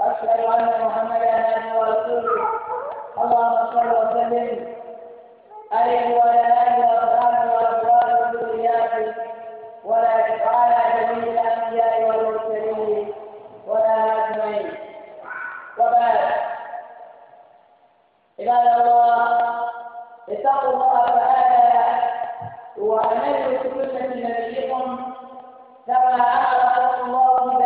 واشهد ان محمدا عبده ورسوله اللهم صل وسلم عليه وعلى اله واصحابه وازواجه وذرياته ولا على جميع الانبياء والمرسلين ولا اجمعين وبعد عباد الله اتقوا الله تعالى واعملوا بسنه نبيكم كما امركم الله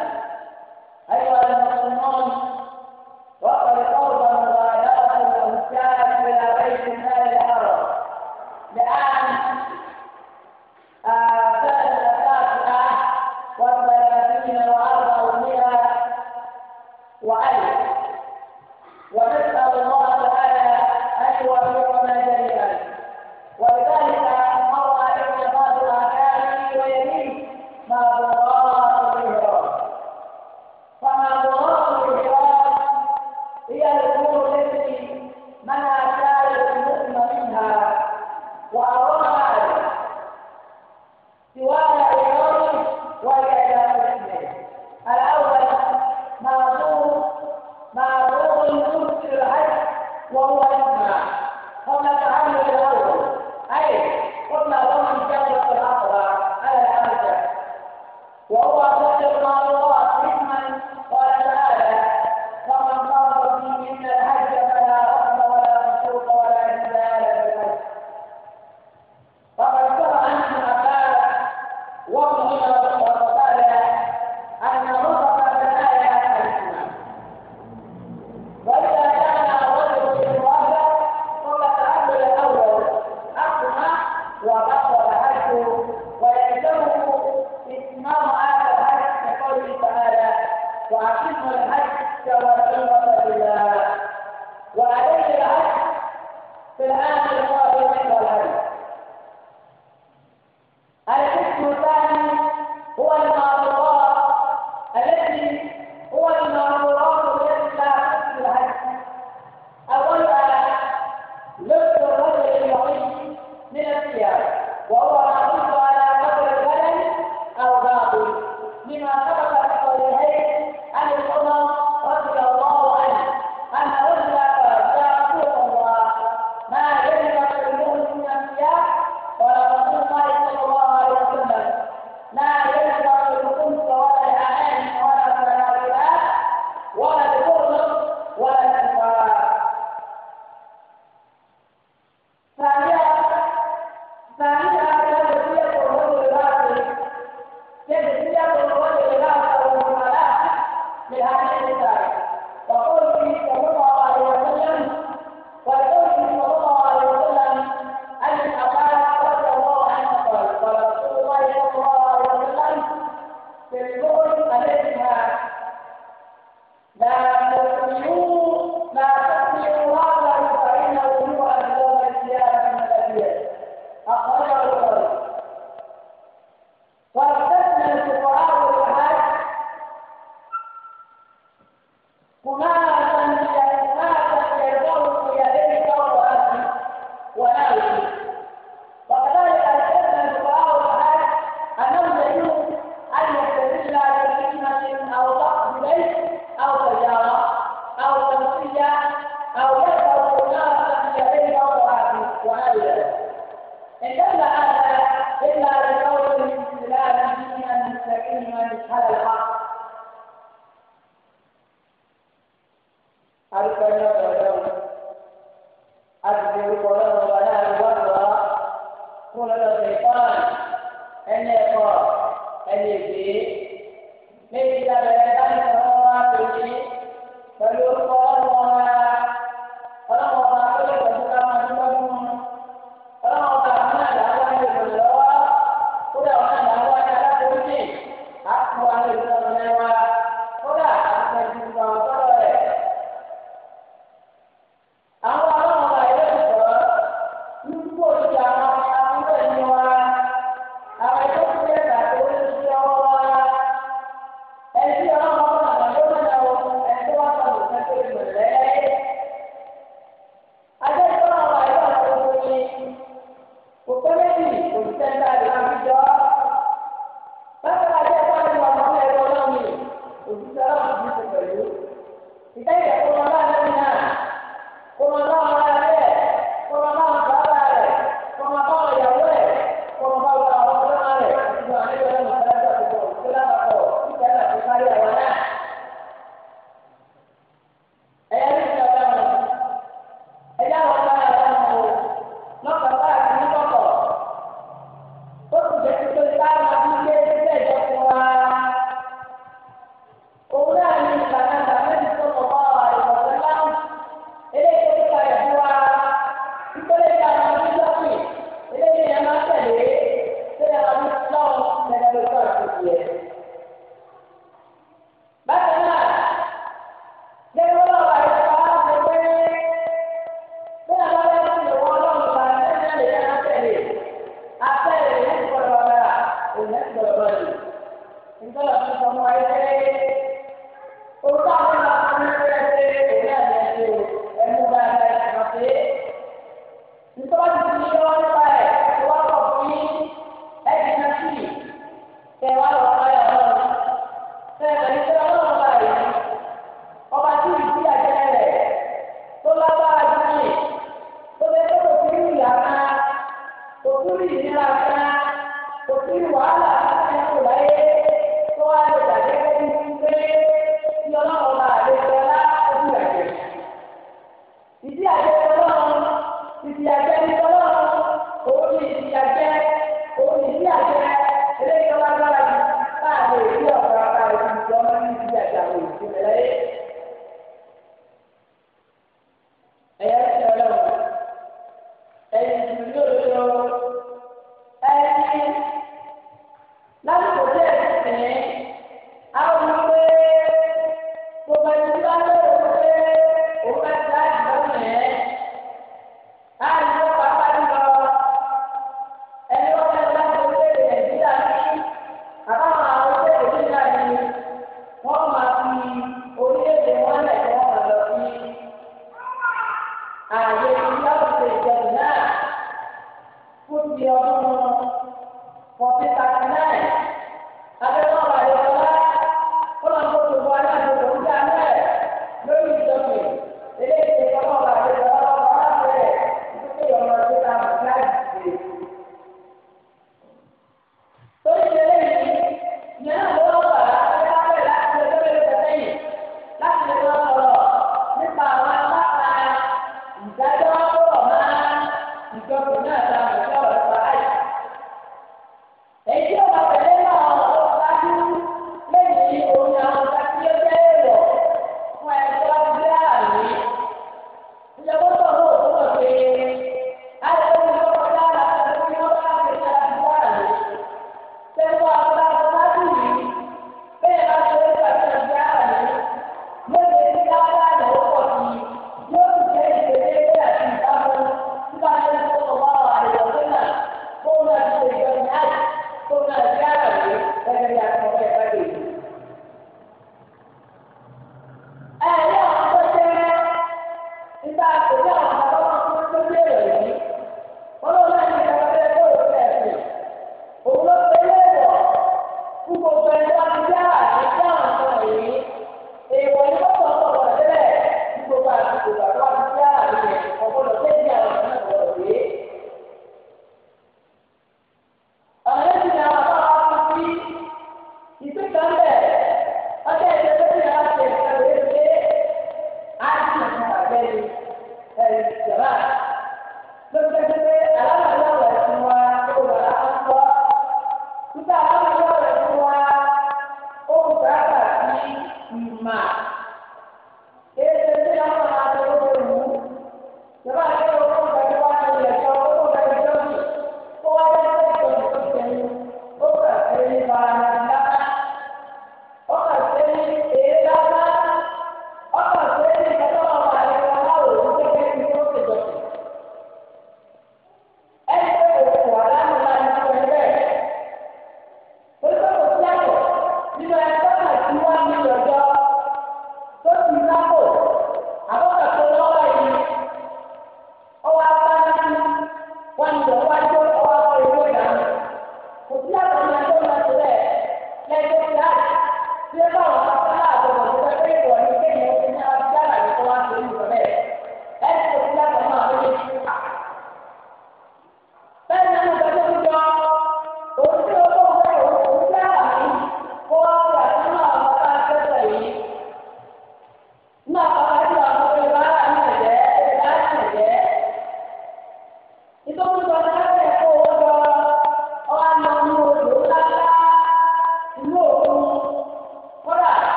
ما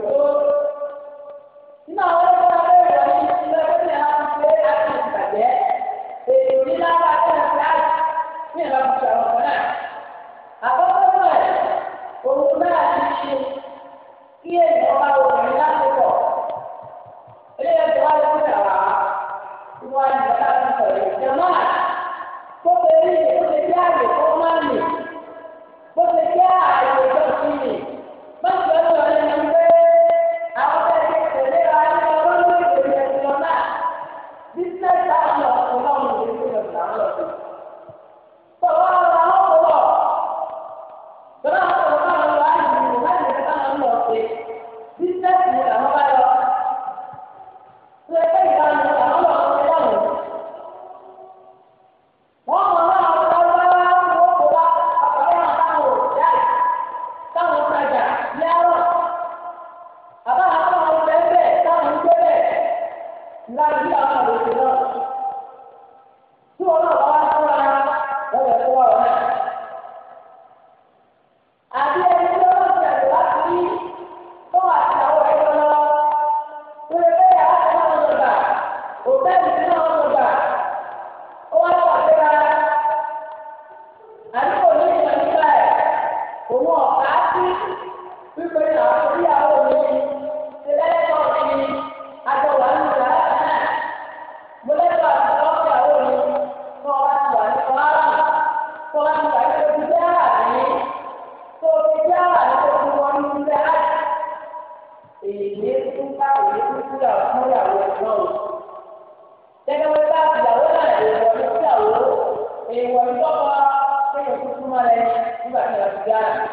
Senhor. gbà fún ìyàwó náà o. Gẹ́gẹ́ bí bá ìyàwó náà lè wọ ní ìyàwó, èèwọ̀ ìtọ́kọ kéèyàn tuntun máa lẹ́yìn nígbà tí a ti gbára.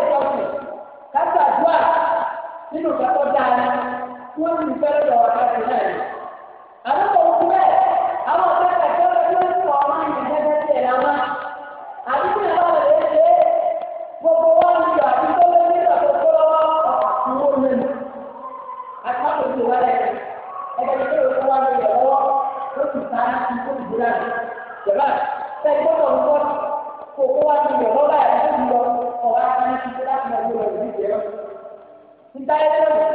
ṣèjọsìn ká ṣàdúrà nínú ìgbàgbọ́ dáa ni wọ́n ti fẹ́ lọ́wọ́ ọ̀rẹ́ rẹ̀ náà dáyẹ́lẹ́mù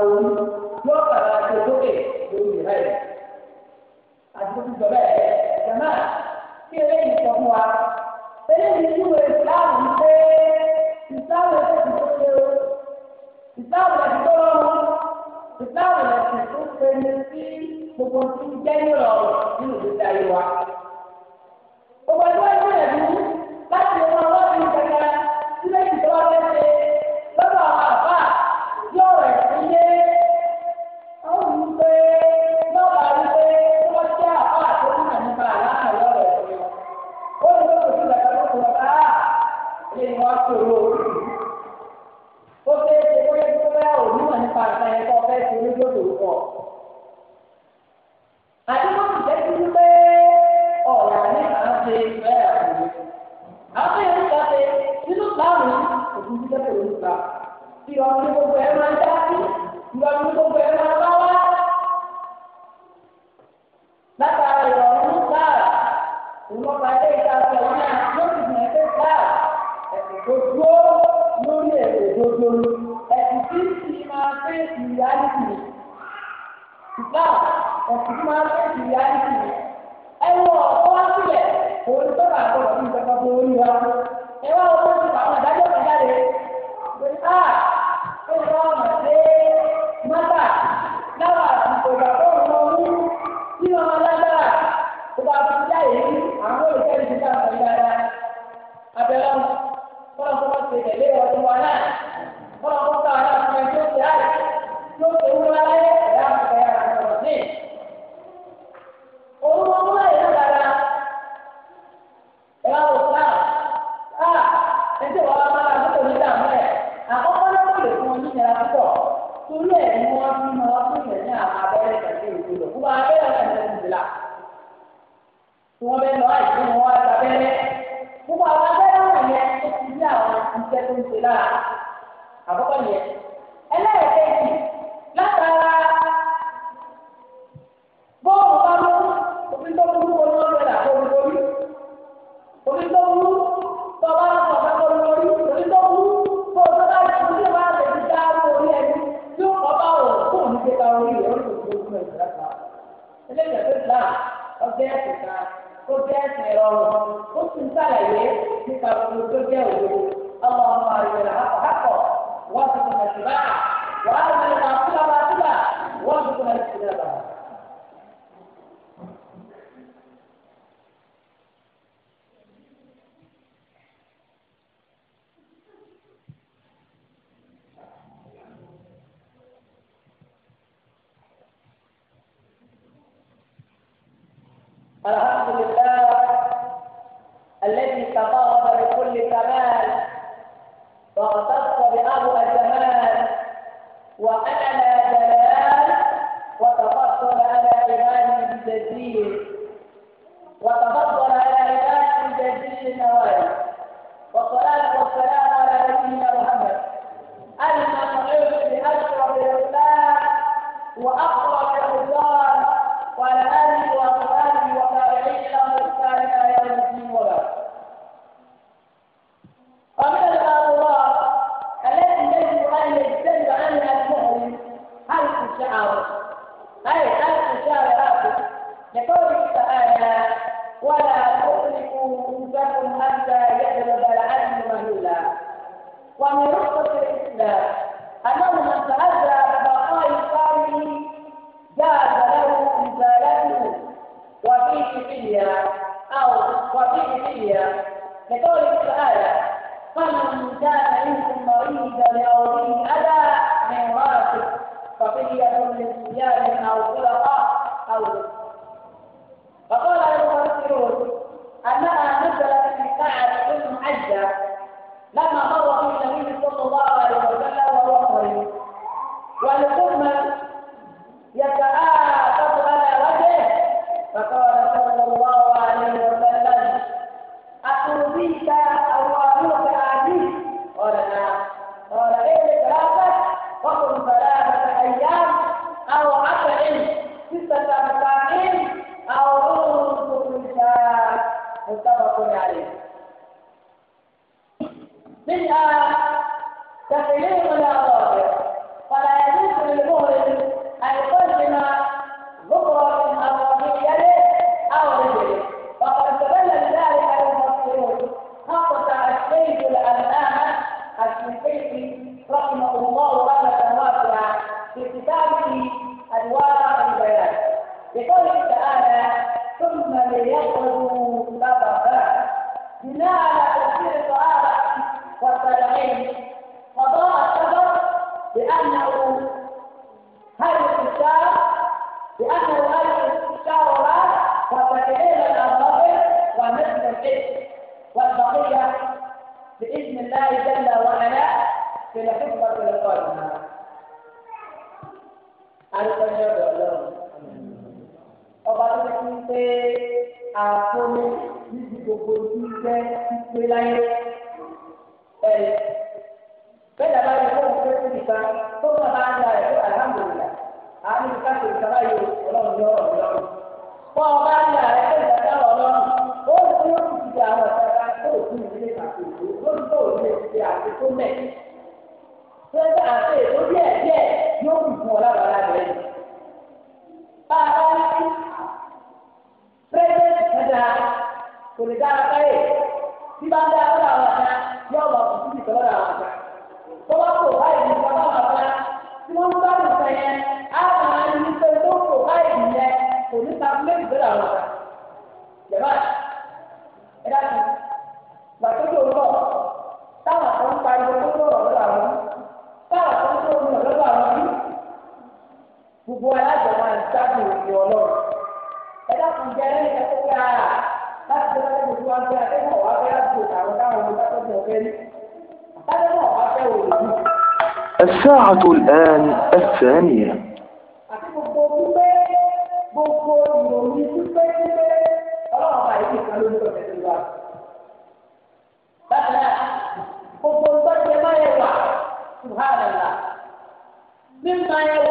orí yóò bàbá ṣe sókè lórí ìhà ẹ̀. àdúgbò ti sọ̀rọ̀ ẹ̀ jàmá kí eléyìí sọ fún wa eléyìí tí wọ́n ti pé ìsáwọ̀ ẹ̀sẹ̀ ti tó ṣe o ìsáwọ̀ ẹ̀sẹ̀ tó lọ́wọ́ ìsáwọ̀ ẹ̀sẹ̀ tó ṣe ní sí gbogbo tí jẹ́ nírọ̀rùn nínú ìgbésí ayé wa. gbogbo ẹgbẹ́ ìlú tí lẹ́kọ̀ọ́ ló gbà. Ìrọ̀ ní gbogbo ẹ̀ máa dá sí, ìrọ̀ ní gbogbo ẹ̀ máa bá wá. Látara ìrọ̀ ní gbàrà, ìlọ́pàá ilé ìtajà wọn náà ló ti gbìyànjú pé gbàrà. Ẹ̀sìn tó dúró lórí èdè dodo. Ẹ̀sìn tí kì í máa fẹ́ ìyá Ìgbà ẹ̀sìn tí máa fẹ́ ìyá Ẹ wọ ọ̀pọ̀ wá sílẹ̀, òun tó bàtọ̀ sí ìjọba tó wà náà bọ́lá kó ká wà náà fún ẹ tó ṣe àyè tó ṣe wúlò aláyé. lára àkọ́kọ́ yẹn ẹlẹ́ẹ̀kejì látara bọ́ọ̀lù bá mú omi tó burú wọn lọ́wọ́ rẹ̀ làbọ̀ omi lórí omi tó burú tó bá lọ́wọ́ bá lọ́wọ́ lórí omi tó burú tó tó bá lọ́wọ́ tó bá lè fi dá orí ẹni tí ó kọ́ bá wọ̀ kó omi tó bá orí rẹ̀ orí tó burú rẹ̀ lára ẹlẹ́yìn tó gbà ọgbẹ́ ẹ̀sìn kan ó jẹ́ ẹ̀sìn ẹ̀rọ ọ̀run ó sì ń sàlàyé nípa gbogbo tó jẹ́ òwò. الله يرى حقه واثق من اتباعه وهذا ما gbogbo alájọ máa ń sábà òkè ọlọ́run ẹ dákun jẹ ẹni kẹtọ pé ara láti tó láti gbogbo wọn pé akẹ́kọ̀ọ́ wá fẹ́ láti òkè àwọn táwọn olùdákọ̀ọ́sọ̀ fẹ́ rí akẹ́kọ̀ọ́ wá fẹ́ òòlù. الساعة الآن الثانية gbogbo nǹkan ṣe máa ń wà ṣùgbọ́n àlàlà mímọ ẹ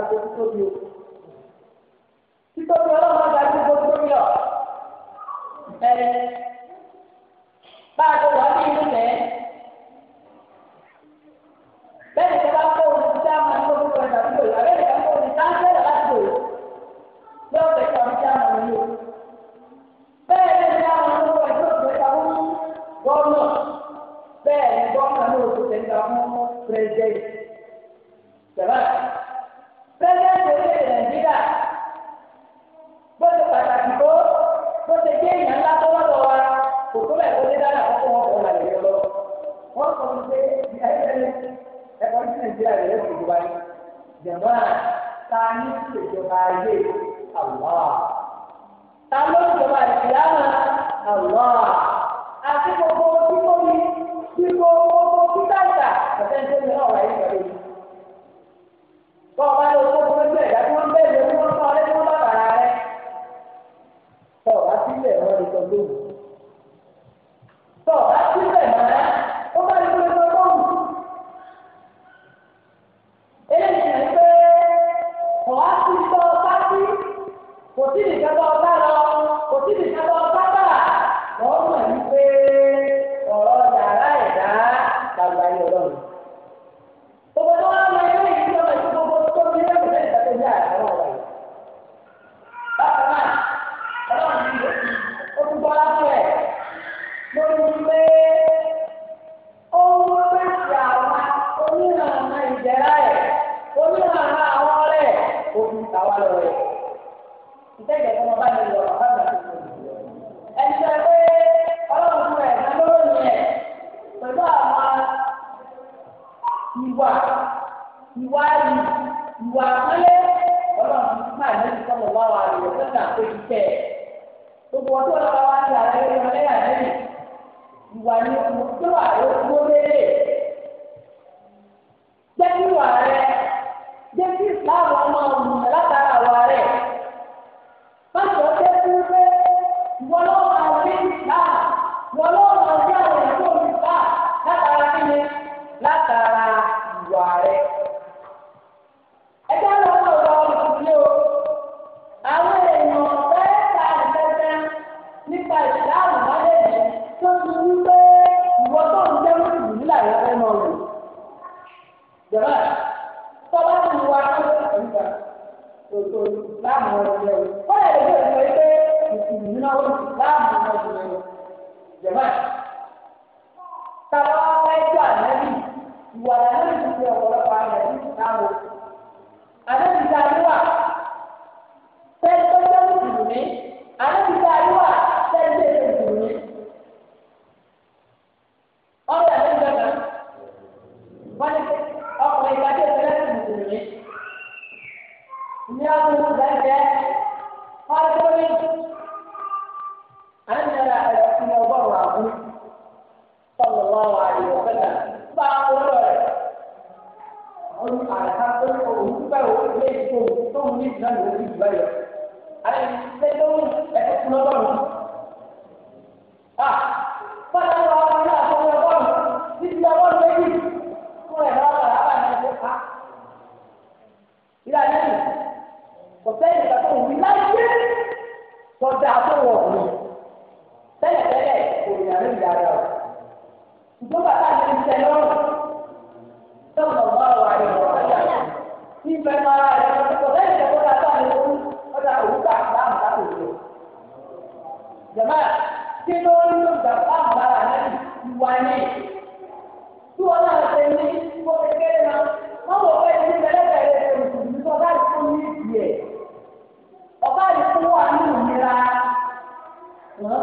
ga tó tóbi o. Títóbi ọlọ́run ọjà tó tóbi ọ̀. Bẹ́ẹ̀ bá a tó méjì ló ń bí báyọ̀ ayé lẹ́yìn fún ọlọ́run à fọ́nà wà á wọlé ọlọ́run títí ọlọ́run méjì fún ẹ̀rọ ọ̀rọ̀ àbáyé ẹ̀kọ́ ká ìlànà yìí kò sẹ́yìn ìgbà tó wù mí láyé tọ́jà àtọ́wọ̀ ọ̀gbìn tẹ́lẹ̀tẹ́lẹ̀ kò ní àná ìyá rẹ̀ ọ̀ ṣùgbọ́n bàtà ti ń lọ́rùn tọ́jà ọ̀gbọ́n ọ̀rọ̀ àyẹ̀wò ọ̀gbọ́n ní òun gbà bá àmàlà kò lò. Jàmá kí ló náà ìwà ni? Tí wọ́n ní kékeré náà, wọ́n ní bẹ́lẹ́bẹ̀rẹ̀ ọba ìfún ní ìfún wà ní òmìnira. ọba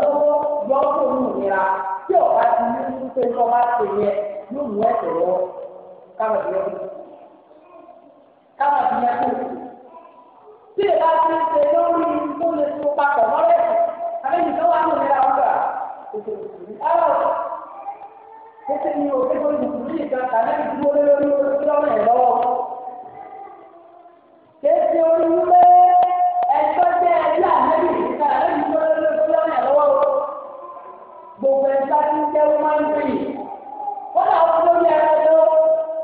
ti ní ní ọba tí ìlà ti ṣe lórí tó lè tó papọ̀ mọ́lẹ̀ àbẹ́yìn tó wà nínú ìlà ọgbà òkè òkè ẹ̀rọ kékeré ni òkè tó lè tó yìí kan tàbí ìdúró lórí lórí lọ́rọ̀ ẹ̀ lọ́wọ́. kéèké orí wípé ẹjọ́ jẹ́ ẹjọ́ àmẹ́bí ìdíkà lórí lórí lórí lọ́rọ̀ ẹ̀ lọ́wọ́ gbogbo ẹ̀ta ti ń wọ́n máa ń gbé yìí. wọ́n náà lórí ẹ̀rọ lọ́wọ́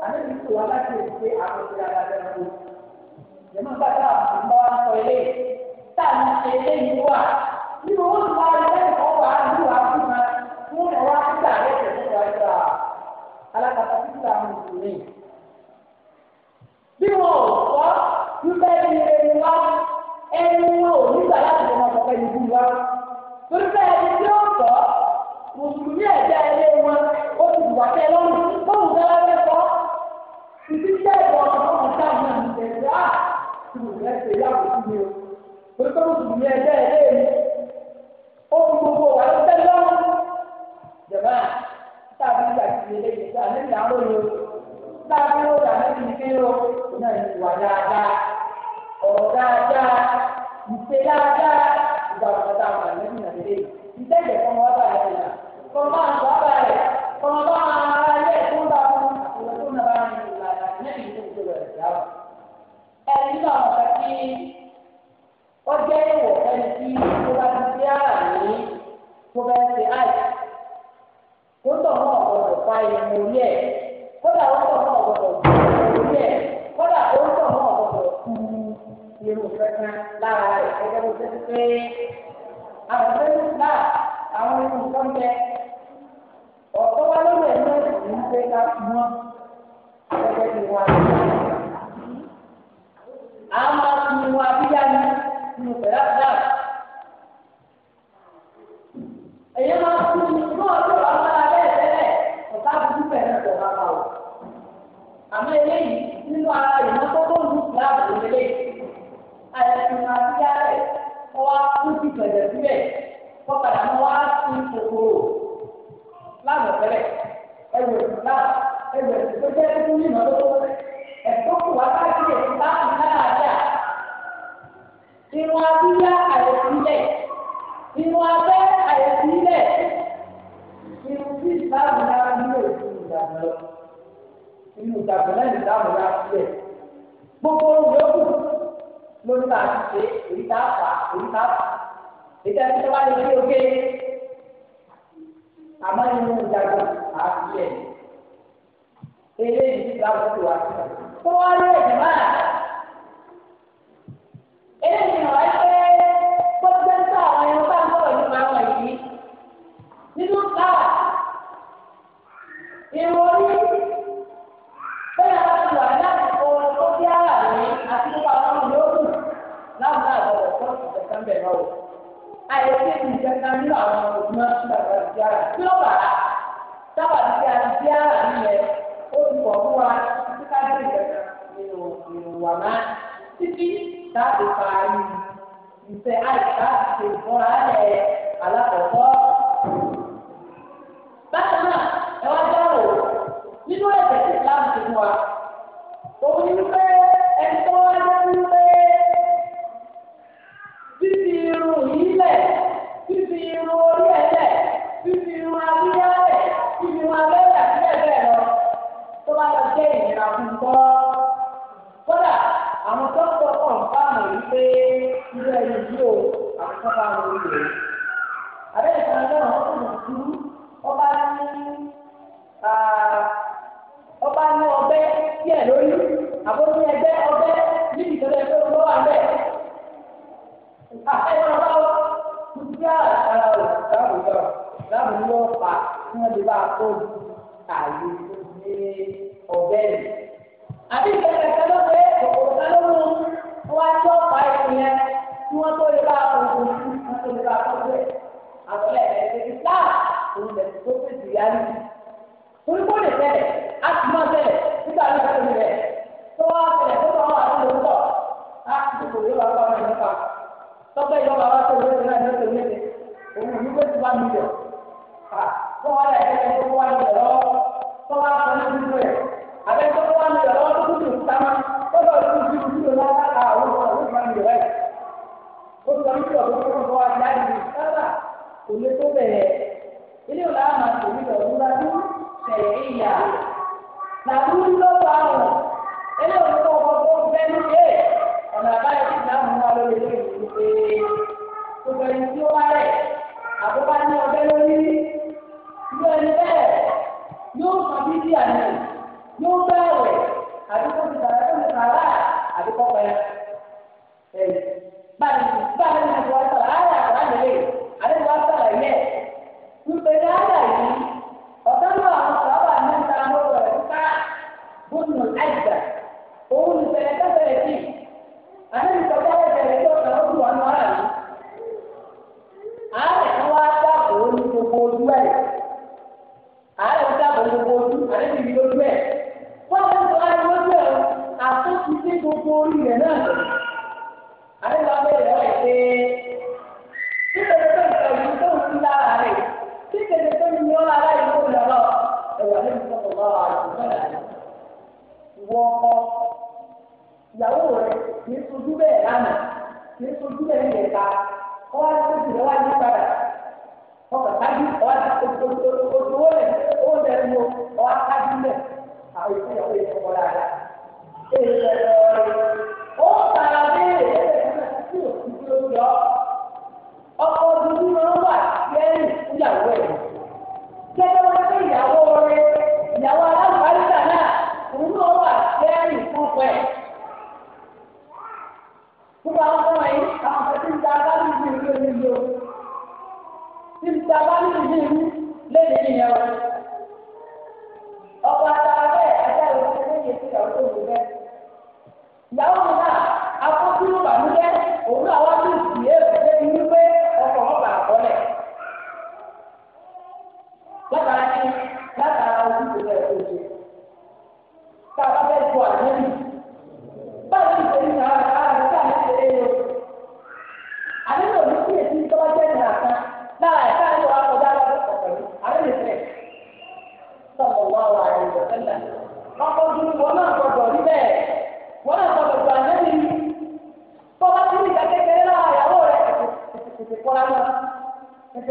àmẹ́bí tó wà láti jẹmọ bàtà àbúkọ wa sọ ilé tá a ti ṣe ilé yìí wà nínú owó tó wà lẹ́yìn ìfọwọ́ wà á ní wàá fún wa fún ẹ̀ wá títà rẹ̀ tẹ̀lé wà á gbà alákatá títà mi sùn ní. bí wọn ò sọ wípé ẹni ẹni wá ẹni wọn ò nígbà láti fọmọ ọkọ ẹni bí wá torí pé ẹni tí ó sọ mùsùlùmí ẹ̀jẹ̀ ilé wọn ó ti wà tẹ lọ́rùn bóun fẹ́ lọ́wọ́ ẹ̀kọ́ ìdíjẹ́ ìwọ̀n ọ̀sán ọ̀sán tí mo fẹ́ yàgò sí mi o. Pé kọ́ mọ̀tò mi ẹgbẹ́ ẹ̀ lé ó fi gbogbo wà ló tẹ́lẹ̀ lọ́wọ́. Jẹ̀mọ́ táàbí ìgbà tí ilé ìgbà níbi àwọn yòó. Táàbí ó dà níbi ìgbé o. Ó náà ní ìwà dáadáa, ọ̀rọ̀ dáadáa, ìṣe dáadáa, ìgbà òkúta àwọn àlẹ́ nínú àdéhùn. Ìtẹ́jẹ̀ kọ́mọ bá bá rẹ̀ bá bá ẹni nínú àwọn ọ̀gá tí wọ́n jẹ́ ìwọ̀ ẹni tí ó bá ti dé àárín tó bá ti àì kó tọ̀ mọ́ ọ̀gbọ̀dọ̀ pa ìmọ̀ orí ẹ̀ kódà ó tọ̀ mọ́ ọ̀gbọ̀dọ̀ pa orí ẹ̀ kódà ó tọ̀ mọ́ ọ̀gbọ̀dọ̀ kú irun kankan lára rẹ̀ gẹ́gẹ́ bó ṣe ti pé àwọn ẹgbẹ́ náà àwọn irun nǹkan bẹ ọ̀tọ́ wa lọ́wọ́ ẹ̀ náà kò ní í pé ká mọ́ gẹ́gẹ́ bí wọn àti àwọn akùnrin wa bíyà ni nínú pẹ̀lú àgbà. èyí máa kú ní náà tó wà bá abẹ́ ìtẹ́lẹ̀ ọ̀tá àbúrú pẹ̀lú ẹ̀kọ́ bá bá wò. àmọ́ eléyìí nínú ara ìmọ́tótó ìlú ìlànà ìrẹ̀lẹ̀ àyẹ̀kùn wa bíyà rẹ̀ kọ́ wa kú sí pẹ̀lẹ̀ síbẹ̀ kọ́ padà mọ́ wá sí kòkòrò lánàá tẹ́lẹ̀ ẹ̀wẹ̀ ìgbà ẹ̀wẹ̀ ìgbà tó jẹ́ máa bẹ́ àyẹ̀sí ilẹ̀ nínú tí ìsìláàmù náà nílò ìsinmi ìdàgbà lọ nínú ìdàgbà náà ìsìláàmù náà sílẹ̀ gbogbo yòókù ló ń ta àṣìṣe èyí tá a fà èyí tá a fà èyí tá a ti tẹ́wá lè rí oge àmọ́ nínú ìdàgbà àṣìṣe eléyìí ìsìláàmù tó wà sí i. kó wá lé ìjọba eléyìí náà wáyé pé. nínú sáà ìròyìn bẹ́ẹ̀ láti wà láti kọ́ ọ bí ara mi àti nípa ọlọ́run lóòrù láwùjọ àbọ̀wọ̀ fún ọ̀sẹ̀ kan bẹ̀rẹ̀ o. àìsí ìjẹta nínú àwọn ọmọ ìgbà àti ara tí ó bà á sábà ti fi àti bí ara mi yẹ ó ti pọ̀ fún wa títí ká dé ìjẹta nínú ìrùwà máa títí láti parí ìfẹ́ àìsí láti ṣe ìfọ́ra ẹ̀ alákọ̀ọ́kọ́. bákan náà ẹ wá jẹ́ nínú ẹ̀jẹ̀ tí ìlànà ti mú wa òun ni ẹni tó wá fífi irun yìí lẹ̀ fífi irun orí ẹ̀ lẹ̀ fífi irun abíyá lẹ̀ fífi irun abẹ́rẹ́ àti bẹ́ẹ̀ lọ tó bá lọ jẹ́ ìnira fún un kọ́ kódà àwọn tó ń bá mọ̀ irú ẹni yìí o àwọn tó abẹ́rẹ́ ìfọ̀nà náà wọ́n ẹgbẹ́ ọgbẹ́ níbi ìṣẹ̀lẹ̀ ẹgbẹ́ ọgbẹ́ wà bẹ́ẹ̀. àfẹ́yọ̀ bá wà nígbà ara rẹ̀ láwùjọ láwùjọ pa kí wọ́n lè bá a kó àyè ní ọgbẹ́ rẹ̀. àbí ìṣẹ̀lẹ̀ kan ló pé kòkòrò kan ló mú wọn á tó pa ẹ̀sìn yẹn kí wọ́n tó lè bá a kó ojú wọn tó lè bá a kó ojú rẹ̀. àbúlé ẹ̀rẹ́ ìṣá òun lè tó fèsì yálì. orí kò lè tẹ̀lé á ti máa tẹ̀lé nígbà tó lè tẹ̀lé ló bá wà nípa tọ́gbẹ́ yọ bàbá tó lé ní ẹ̀jẹ̀ tó lé ní òun ní bẹ́ẹ̀ tó bá mi yọ. Kọ́ wa lẹ̀ ẹ́ kó wá yọ lọ́wọ́ kọ́ wa kọ́ ní ìlú rẹ̀. Àbẹ́ tó wá mi yọ lọ́wọ́ tó kú tòun sáma ó lọ sí ibi ìlú rẹ̀ lára àwọn ọ̀rọ̀ tó bá mi yọ ẹ̀. Ó sọ ní ìjọ tó kọ́ wa láì ní sábà kò lè tó bẹ̀rẹ̀. Ilé ìlú àmà kò ní yọ lọ́wọ́ láti tẹ̀lé ìyá. Làbúrú lọ́wọ́ àwọn ilé ìlú ọ̀nà àbáyọ tí ìdáhùn wà lórí ilé ìlú pé gbogbo ẹni tí ó wá rẹ̀ àbúkà ní ọbẹ̀ lórí ìlú ẹni bẹ́ẹ̀ yóò sọ bíbí àná yóò bẹ̀rẹ̀ àdúgbò ti bàrà tó ti bàrà àdúgbò pẹ́ báyìí báyìí ní ìwà sọ̀rọ̀ àgbà nílé àdúgbò wa sọ̀rọ̀ ń pè ní àyà yìí.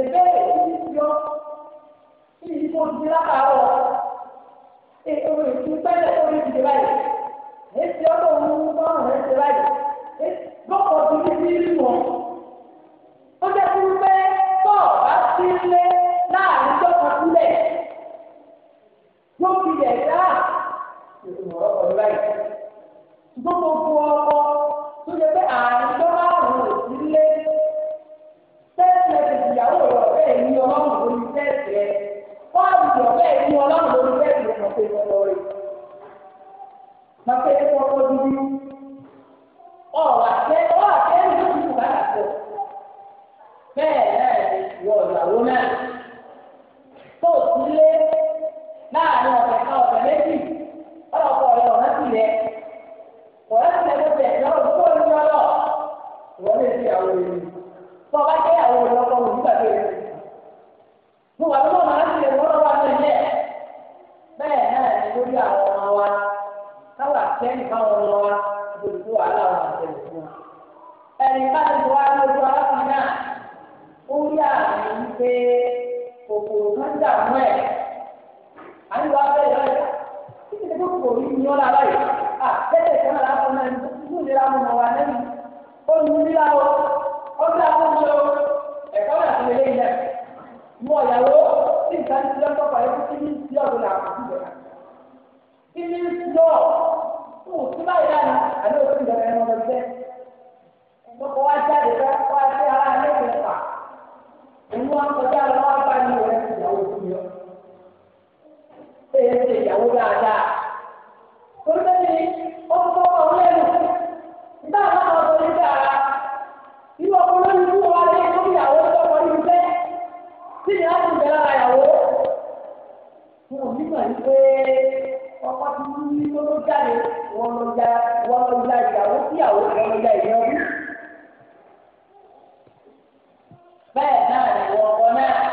ìdèbè èyí ti yọ kí ni kò ní lábàárọ̀ ẹ orí ìtú pẹ́lẹ́ orí ìdè báyìí èsì ọlọ́run bọ́ọ̀rùn èsì báyìí lọ́kọ̀ọ́ tó ní bí rí wọn. Mas ele propôs àmú ẹ̀ àyùbá bẹ́ẹ̀ yọ ẹ̀ka kí ni kò kò rí ní ọ̀la báyìí à tẹ́tẹ̀ kan náà láti náà nínú ìlera mu wà lẹ́nu ó nu nílá o ó ní àkóso ẹ̀kọ́ náà ti lélẹ́yìn náà mú ọ̀yàwó tí nǹkan ti lọ́ tọ́pọ̀ ẹ̀ kí ní ti ọ̀dọ̀ náà kò sí ìjọba kí ní ti lọ fún òtún báyìí lánàá àbí òtún ìjọba ẹ̀ mọ̀ lọ́sẹ̀ ẹ̀kọ́ wá jáde fẹ́ wá sí ara ẹ̀ lẹ́sẹ̀ fà ìyàwó dáadáa. Olùdarí ọkọ ọ̀hún lẹ́nu. Ìgbà àwọn ọmọ ọ̀dọ́ nígbà ara. Ìwọ ọkọ lórí ìlú wa lé ìlú ìyàwó tó kọ ní ìfẹ́. Tí ni a bẹ̀rẹ̀ ara ìyàwó? Mo ò nígbà yìí pé ọkọ ti mú ní tó jáde. Wọ́n lọ ja wọ́n lọ ja ìyàwó síyàwó wọ́n lọ ja ìyàwó. Bẹ́ẹ̀ náà ni wọ́n kọ náà.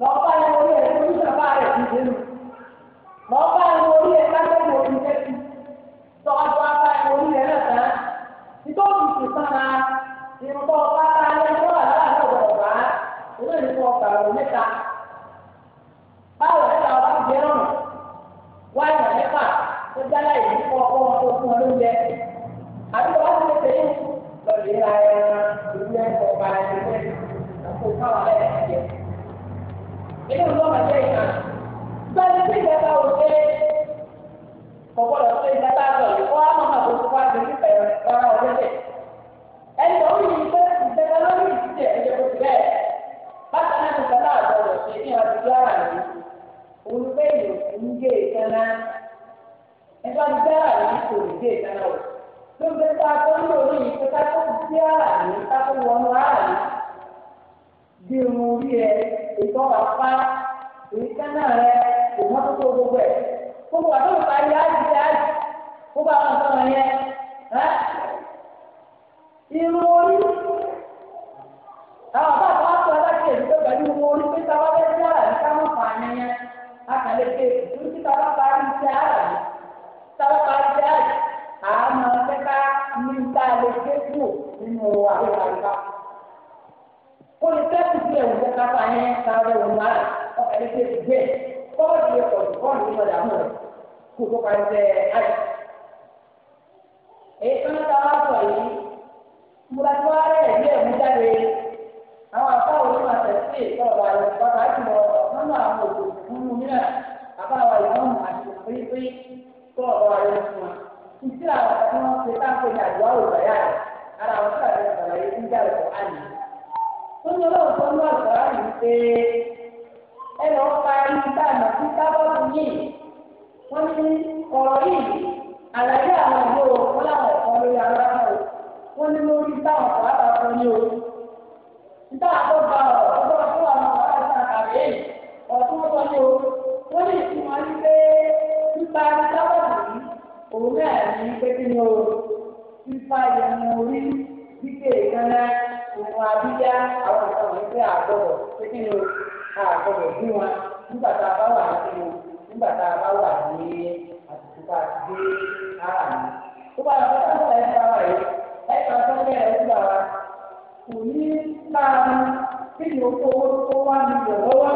lọ́ọ́ yẹn orí ẹ̀ lórí bàbá rẹ̀ ti dé nù lọ́ọ́ yẹn orí ẹ̀ lágbẹ̀wò ti dé sí tọ́jú bá yẹn orí ẹ̀ náà tán nítorí ti sára ìrùbọ̀ bá bá yẹn tó wà láàárọ̀ ọ̀gbà ìwé ìfọ̀ ọ̀gbà rẹ̀ mẹ́ta báwo ẹ̀ka ọba jẹ́ ọ̀nà wá ìwà mẹ́fà tó dára wọn tó fún ọ lóúnjẹ àdúgbò wá sí pépé yìí lọ́ọ̀lì ra ẹran ìlú ẹ̀ ilé ìlú ọmọ jẹ́ ìkan bẹ́ẹ̀ tí ìjẹta ò ṣe kọ̀kọ́dọ̀ sí ìjẹta sọ ìkọ́ àmọ́ àbò tó wá sí ìfẹ́ rárá ọ̀rẹ́dẹ̀ ẹni tó ń yin pé ìjẹta lórí ìdíje ẹ̀jẹ̀ kò sí bẹ́ẹ̀ bákan náà ìjẹta náà gbọdọ̀ ṣe ní ọdún yára rẹ̀ olùgbé ìlú ń gé ìkànnà ẹgbẹ́ ọdún yára rẹ̀ kò ní gé ìkànnà o lóògbé tá a tó ń lò ní ìpẹ́ká tó ti yára rẹ̀ ká tó wọnú ara rẹ̀ bí irun orí ẹ̀ ìtọ́ bàbá ìrìkẹ́ náà rẹ ìmọ́tótó gbogbo ẹ̀ gbogbo àtọ́wò parí ájì ájì gbogbo àwọn nǹkan wọn yẹn irun orí àwọn bá àwọn akọ aláṣẹ ìdúgbò pẹ̀lú irun orí pé tá a sí àrà ní fà á yẹn a kà lè tí tá bá parí sí àrà ní bá parí sí àjì àmọ́ fẹ́ ní tá lè gbé kúrò nínú àwọn àríwá ó lè tẹ́tù sí ẹ̀wọ̀n kó kápá yẹn káwé wọn wá ọkọ̀ ẹni tẹ́tù bẹ́ẹ̀ bọ́ọ̀lù yẹn kọ̀ bọ́ọ̀lù yẹn lọ́dà mọ́ kó tó parí bẹ́ẹ̀ ayé. èyí tó ń ta wá sọ yìí múra tó wá rẹ̀ ẹ̀mí ẹ̀mú jáde àwọn àbáwò ló máa tẹ̀sí ìtọ́wà yẹn bàbá àjùmọ̀ nínú àwọn òkú nínú mìíràn àbáwò ìwọ̀n yẹn wọ́n ti táǹkì ní àjọ àwòrán yára lórí ọlọ́run tó ń lọ àgbàrá yìí pé ẹ lọ parí bá àmọ́ sí sábọ́ọ̀lù yìí wọ́n ní ọ̀rọ̀ yìí àlàyé àwọn ìlú wọn láwọn ọ̀kan lórí ara wọn wọ́n ní lórí táwọn ọ̀rọ̀ àbàtọ̀ ní o nígbà tó gba ọ̀rọ̀ tó bá fún àwọn ọ̀rọ̀ àkàrẹ́ yìí ọ̀tún tó ní o wọ́n lè fi wọn pé nípa sábọ́ọ̀lù yìí òun náà ní pé kí ni o fífa ìyẹn orí gbígbé ìkànnì ìfún abíyá àwọn ìfún àwọn ìfẹ́ àgbọ̀dọ̀ pé àgbọ̀dọ̀ bí wọn nígbà tá a bá wà ní nígbà tá a bá wà ní àtúntò tá a gbé tó bá yọ fún ọ̀sẹ̀ ẹ̀ka wa yìí wa kò ní láàmú kí ni owó tó wá ní ìrànlọ́wọ́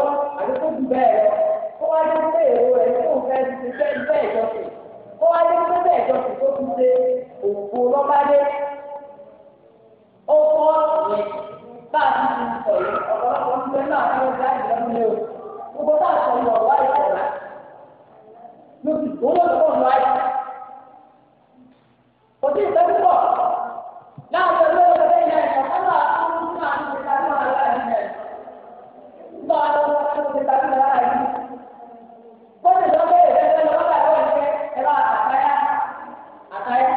àti ó kọ́ bá a ti ń sọ yìí ọ̀pọ̀lọpọ̀ ń bẹ náà ní ọjà ìlọ́nu lé o gbogbo bá a sọ yìí ọ̀wá ìṣẹ̀lá ló ti tó lọ́dọ̀ ọ̀nà ayé kò sí ìfẹ́ púpọ̀ láàrin olóyè ọ̀gbẹ́ ilẹ̀ ẹ̀kọ́ náà àwọn ọmọ náà ti ta ní ọ̀la ìlẹ̀ nígbà wọn lọ wọn ti ta ní ọ̀la ìlẹ̀ bọ́ọ̀lù lọ́gbẹ́ ìfẹ́ lọ́gbà lọ́ọ̀ṣẹ́ ẹ̀rọ àtàyà àtàyà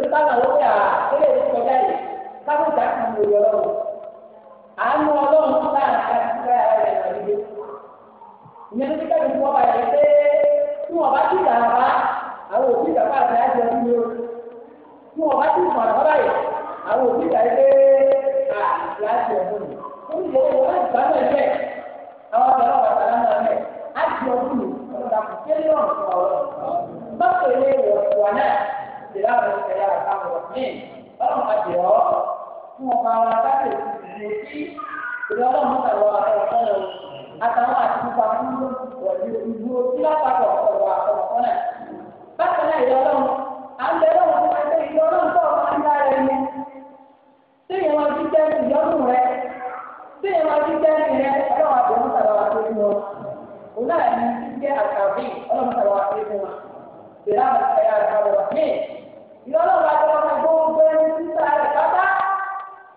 ní káwọn ló yà á kílè káwọn ìjà kan ló yọ lọ́wọ́ àánú ọlọ́run tó bá àti àtúntò yàrá rẹ̀ lọ nílé ìyẹn ní kíkẹ́ ìfọ́ bàyẹ̀ pé tí wọ́n bá ti dàrá bá àwọn òbí ìjàpá àti àjẹ ọdún yìí tí wọ́n bá ti sùn àbá báyìí àwọn òbí ìjà pé àti àjẹ ọdún yìí ó ní ìyẹn wọ́n ti gbàgbọ́ ẹ̀fẹ́ àwọn ọ̀dọ́ ọ̀dọ́ ọ̀dọ́ àti ọdún yìí ọ̀dọ́ ìlà rẹ̀ kẹ̀yà àkàwọ̀ ọlọ́run máa jẹ̀ fún ọmọ àwọn akáàtẹ̀ ìdílé sí ìlú ọlọ́run tàwọn akẹ́kọ̀ọ́ rẹ̀ àtàwọn àti nípa ọ̀dí ìlú tí lápapọ̀ ọ̀rọ̀ àkọ́kọ́ náà. bákan náà ìlú ọlọ́run à ń bẹ̀rẹ̀ òun fún ẹgbẹ́ ìlú ọlọ́run ọmọ ńlá rẹ̀ ni tí ìwọ̀n ti jẹ́ ìyọ́nù rẹ̀ tí ìwọ̀n ti jẹ́ wọn. òun náà ní jẹ́ yọlọ bá jọ ọmọ ẹgbẹ́ gbẹ ní títà rẹ pátá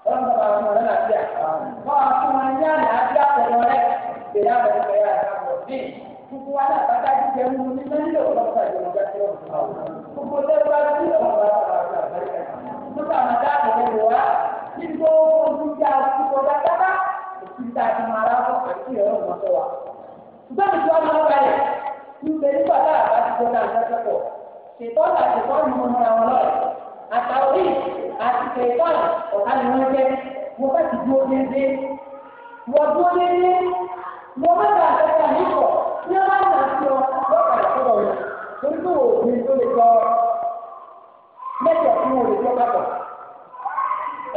wọn bá bá wọn lọ àti àkàrà wọn á fún wọn ní àná àti àpẹẹrẹ rẹ ìgbéyà wọn fẹ́ yà ká wọn bí gbogbo wa náà bá dájú jẹ mú ní mẹlẹ òkú ọgbà ìjọba bá ti wọn fà wọn gbogbo tó bá ti ọmọ bá fà wọn fà wọn fà wọn nígbà wọn dá àwọn ẹgbẹ́ wa ní gbogbo ojú ìjà tí wọ́n máa ń balẹ̀ nígbà nígbà tá a bá ti gbọ́dọ̀ àgbàdo ṣètọ́nù àtẹ̀tọ́nù mo mọ àwọn lọ́rẹ̀ àtàwé àti ṣètọ́nù ọ̀tá ni wọ́n jẹ́ mo fẹ́ ti dúró dédé mo dúró dédé mo fẹ́ bá àtẹ̀tẹ̀ àyíkọ̀ ní ọ̀la ìgbà tí ọ lọ́kà ìṣòro rẹ̀ torí pé òògùn tó lè jọ mẹ́tọ̀ fún òògùn tó bá bọ̀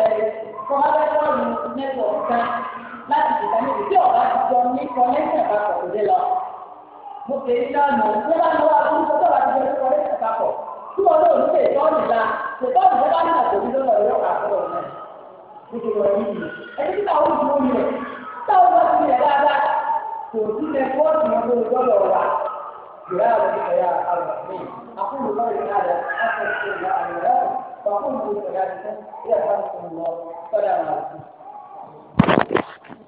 ẹ̀ kọ́ abẹ́tọ́ọ̀lù mẹ́tọ̀ kan láti ṣètọ́nù tí ọ̀gá ti jọ ní kọ́lẹ́sẹ̀ bá kọ̀ mo kè é dànù mo bá lọ wá fún sọ́dọ̀ àti ẹgbẹ́ tó wọlé ìtàkọ̀ tí wọ́n lọ sí ètò ọ̀nìlá ètò ọ̀nìlá bá ní àtòkù lọ́wọ́ ẹ̀rọ àtọ̀rọ̀ náà nítorí ọ̀rọ̀ yìí ẹni tí táwọn ojú omi rẹ̀ táwọn bá ti rẹ̀ dáadáa kò sí ẹ fọ́ọ̀tì wọn tó gbọ́dọ̀ wà ìyá rẹ̀ ti fẹ̀yà àwọn ọ̀gbìn àkúrò lọ́rẹ̀ náà rẹ̀ ṣe ìyá àwọn ọ̀rẹ́ rẹ̀ فقلت فلا تسأل يا رسول الله فلا معرفة